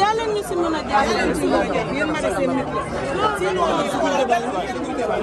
yàlla ñu si mën a jàppale si yàlla yéen a def seen nit la si loolu si guddi ba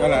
Voilà.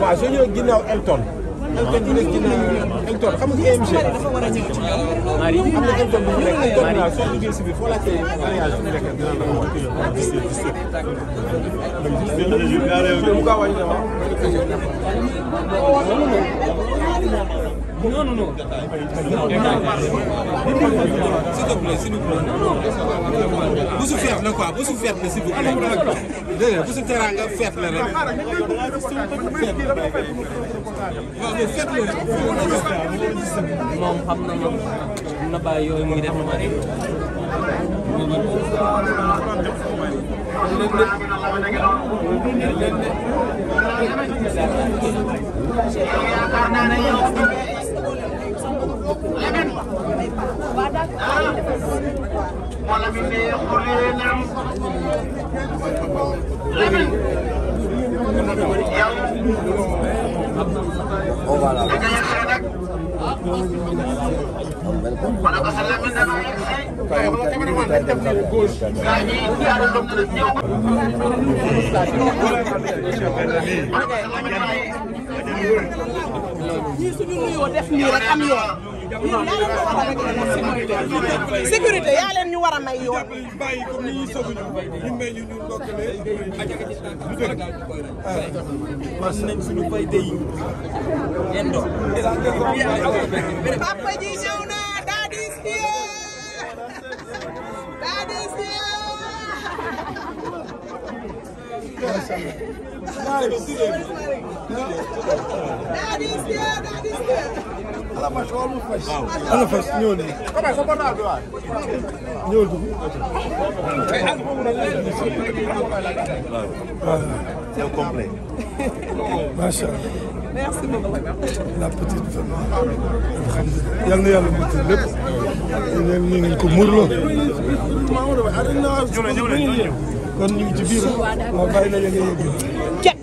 waaw soo ñëwee ginnaaw Elton Elton xam nga AMG mari am na Elton bu rek Elton na soo duggee si biir foo laajtee mariage bi rek dina la wax dina la wax non non non. s'il te plaît s'il vous plaît. bu su feet la quoi bu su feet la s'il vous plaît. bu su teraanga feet la na moom na bàyyi yooyu leneen wala mi ne xoolee na am leneen yàlla da ngay xëy nag wala parce que leneen da ngay xëy. gaa ñi yàlla doon na ñëw. wala parce que leneen da ngay. ñii suñu nuyoo def nii rek am yoon. sécurité yaa leen ñu war a may yoon. papa ji ñëw na daa di siyee daa di siyee daa di siyee Alafaas wàllu fas. waaw Alafaas ñëw nañu. ñëw dugg. waaw. waaw. c'est complet. macha allah. merci beaucoup. la petite vraiment. alhamdulilah yal na yàlla mënti lépp. yal na ngeen ko muurloo. kon ñu ngi ci biir waaw bàyyi la yéen a yëg. jàpp.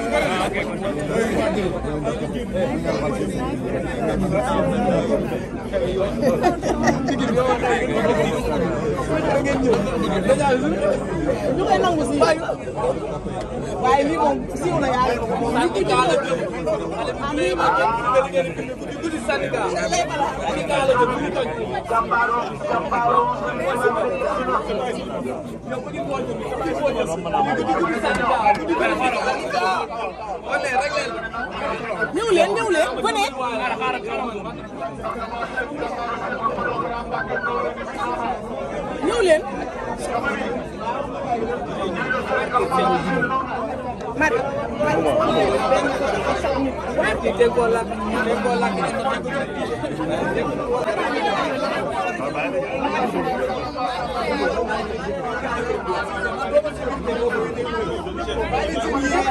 ñu koy nangu si waaye lii moom siiw na yaa ngi ko. ñëw leen ñëw leen venez. ñëw leen. mari mari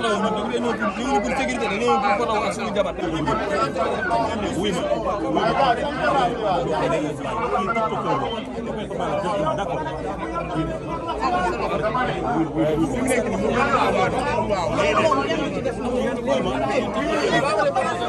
photo wu ñun dañu ñëw pour ñu pour sécurité dañu ñëw pour photo wu ak suñu jabar. wuy ma wuy ma wuy ma wuy ma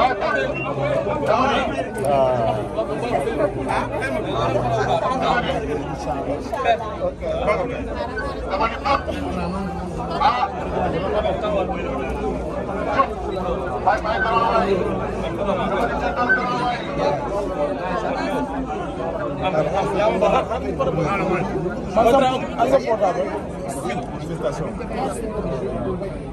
Ah, Masa portable. Administration.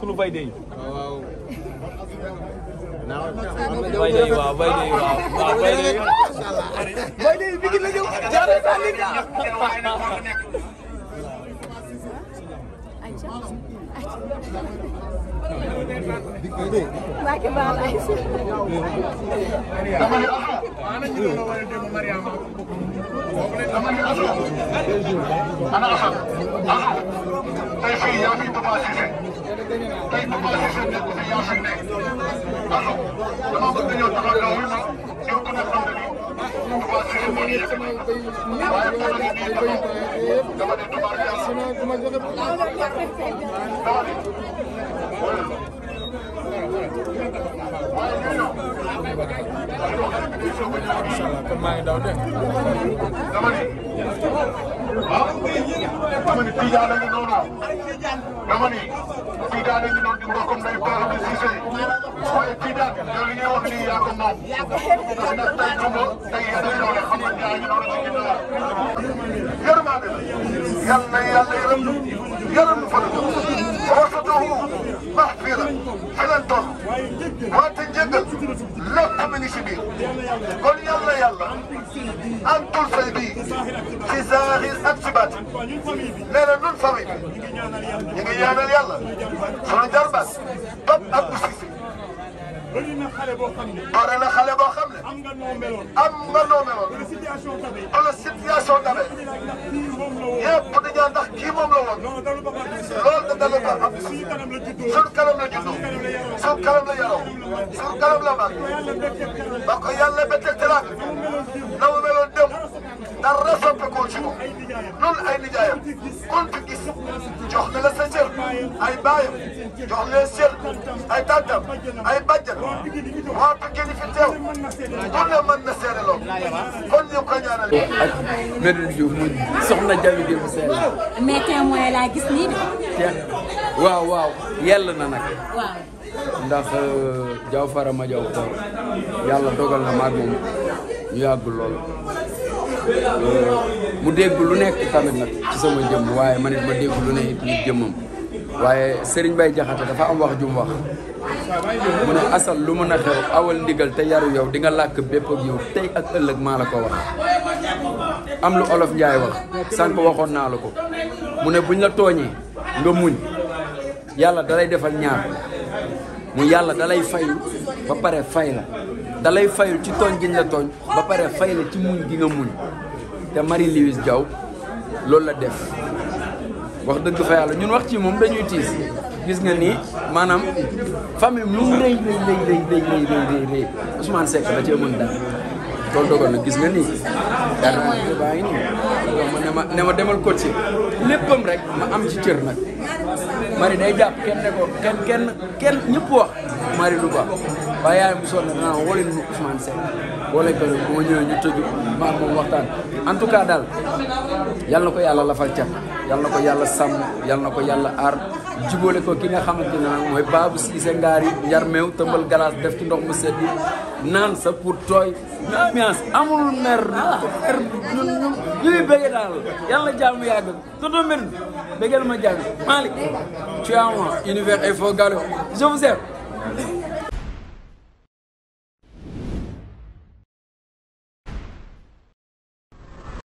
sunu bay dey bay day waaw bay day waaw waaw bay day bay day bi gi la ñëw jaare sa li nga Mbacke Baal Aïcha dama ne ana ñu doon war a dem Mariama dama ne ana ana ana tey fii yaa fi Papa Cissé tey bu ma gisee ne ku fi yàq ne alors dama bëgg ñëw taxaw na wuy ma yow ku ne xam ne nii Touba cérémonie yëpp waaye ku ne nii taxaw dama ne Touba yàlla dama ne voilà waaye ñu ñëw kon maa ngi daw dégg dama ne ah dama ne Tijaan la ñu noonu dama ne Tidiane a ngi noonu di mbokkam day baax di Cissé waaye Tidiane yow li ngay wax nii yaa ko moom ndax nag tey xam nga tey yéen a doole xam nga yaa ngi noonu ci ginnaaw yërmande la yàlla na yàlla yërëm yërëm fa la boo sa sax mi ngi si biir kon yàlla yàlla antul say bii ci zahir ak ci baat nee na nun famille bi ñu ngi ñaanal yàlla sunu jarbaat Pape Abdou Cissé bëri na xale boo xam ne. bëri na xale boo xam ne. am nga noo meloon. am nga noo meloon. wala situation dabe. wala situation dabe. kii moom la woon. loolu da dalu ba am. suñu kanam la juddoo. suñu kanam la juddoo. suñu kanam la yaroo. suñu kanam la màgg. ba ko yàlla betteel teraanga. dara soppeekoo ci moom noonu ay nijaayam kon fi jox na la sa cër ay baayam jox na la ay tàddam ay bàjjan waa Pikine fi teew ku ne mën na seere lool kon ñu ko ñaanal. ak Medun Diouf mu soxna Jabi Diouf seere. mais témoin laa gis nii de. waaw waaw yell na nag. ndax euh, Diaw ma Diaw Fara yàlla na maag moom ñu yàgg mu dégg lu nekk tamit nag ci sama jëmm waaye man ma dégg lu ne it waaye sëriñ bay Jaxate dafa am wax jum wax mu ne asal lu mu a awal ndigal te yaru yow di nga làkk bépp ak yow tey ak ëllëg maa la ko wax am lu olof Njaay wax sànq waxoon naa la ko mu ne buñ la tooñee nga muñ yàlla dalay defal ñaar mu yàlla dalay fayu ba pare fay la dalay fayul ci tooñ giñ la tooñ ba pare fay la ci muñ gi nga muñ te Marie Louise Diaw loolu la def wax dëgg fa yàlla ñun wax ci moom dañuy tiis gis nga ni maanaam famille lu mu rëy rëy rëy rëy rëy rëy rëy rëy Ousmane Seck da cee mën daal tool dogal na gis nga nii dara baa ngi nii ma ne ma ne ma demal coach léppam rek ma am ci cër nag Marie day jàpp kenn ne ko kenn kenn kenn ñëpp wax Mari Louba waaye yaay bu sonn naa woo leen Ousmane Seck boo leen ko bu ma ñu tëju maa moom waxtaan en tout cas daal yal na ko yàlla lafal cat yal na ko yàlla sàmm yal na ko yàlla aar jubóole ko ki nga xamante ne nag mooy Babou siisee ngaari njar meew tëmbal galaas def ci ndox mu sedd naan sa pour tooy ambiance amul mer mer ñun ñun ñu ngi bëgg daal yàlla jàmm yàgg ma jàmm Malick tu univers info Gallo je vous Amen.